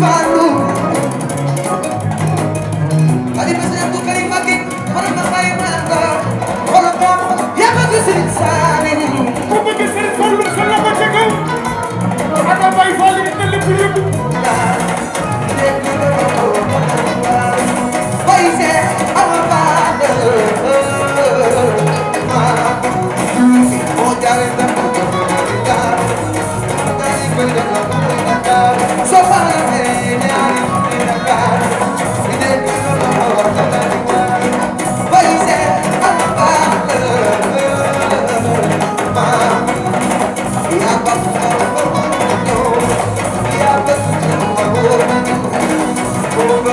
Bye.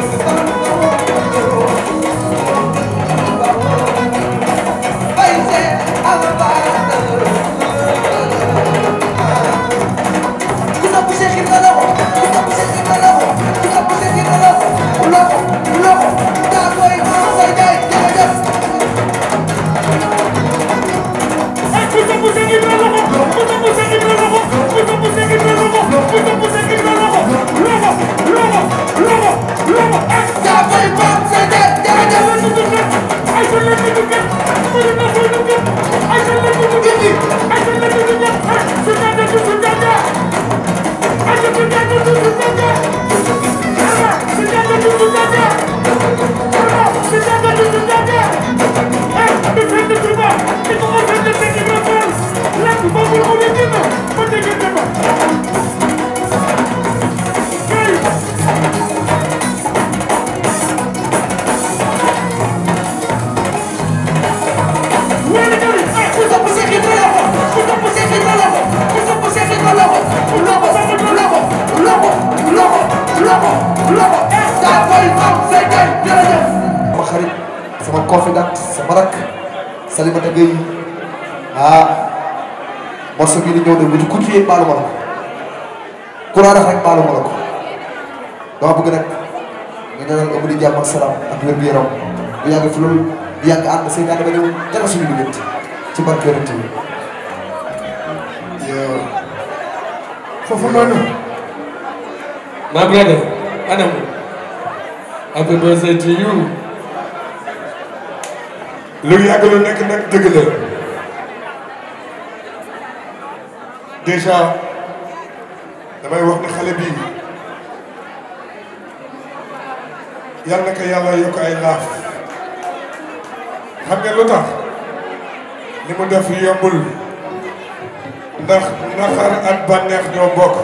Thank you. confident sama rakk Salimata Gueye ah morceau bii di ñëw de bu ñu continuer baalu ma la ko courant dafa rek baalu ma la ko dama bëgg nag nga ñaanal ëpp di jàmm ak salaam ak wér gu yaram bu yàgg fi loolu bu yàgg ànd seen ànd ba ñëw dara suñu diggante ci barke Yonent bi. yow foofu noonu. my brother Adam happy birthday to you. lu yàgg lu nekk nag dëgg la déjà damay wax ne xale bii yàlla na yàlla yokk ay laaf xam nga lu tax li mu def yombul ndax naqar ak bànneex ñoo bokk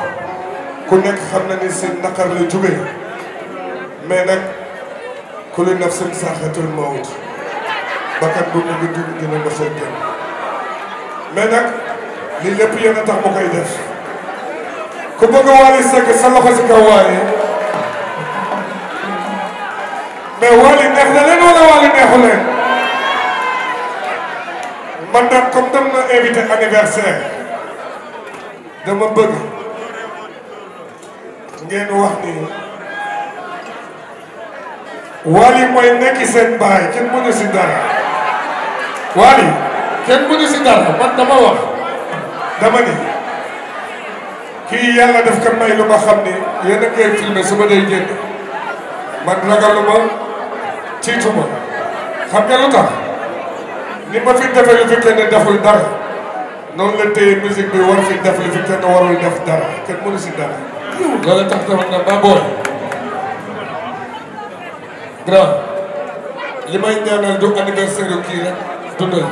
ku nekk xam na ni seen naqar la jóge mais nag kullu nafsin saaxatul mawt bakkan bu mu ngi dund dina nga seen kenn mais nag li lépp yéen a tax ma koy def ku bëgg Wally Seck sa loxo si kaw Wally mais Wally neex na leen wala Wally neexu man nag comme dem na invité anniversaire dama bëgg ngeen wax ni Wally mooy nekk seen baay kenn mënu si dara waaye kenn mënu si dara man dama wax dama kii yàlla daf ko may lu ma xam ni yéen a ngi koy filmé su ma day génn man ragaluma tiituma xam nga lu tax ni ma fi defee lu fi kenn deful dara noonu la téye musique bi war fi def lu fi kenn warul def dara kenn mënu si dara. loolu tax na nag maa boole. grand li may ñaanal du dundal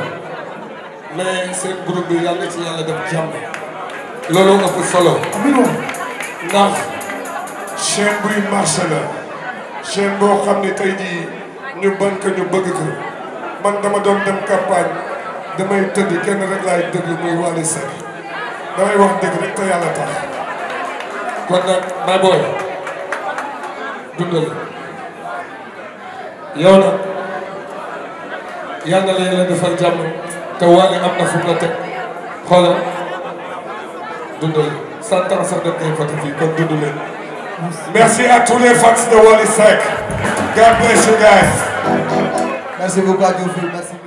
mais seen groupe bi yàlla ci yàlla def jàmm loolu ëpp solo ndax chaîne buy marché la boo xam ni tey jii ñu ban ko ñu bëgg ko man dama doon dem campagne damay tëdd kenn rek laay déglu muy Wally Seck damay wax dëgg rek te yàlla tax kon nag my boy dundal yow nag yal na la yàlla defal jàmm te waale am na fu mu la teg xoolal dundal cent ans sax def nañ Fatick fii kon dund leen. merci à tous les fans de Wally Seck. God bless you guys. merci beaucoup à tous merci.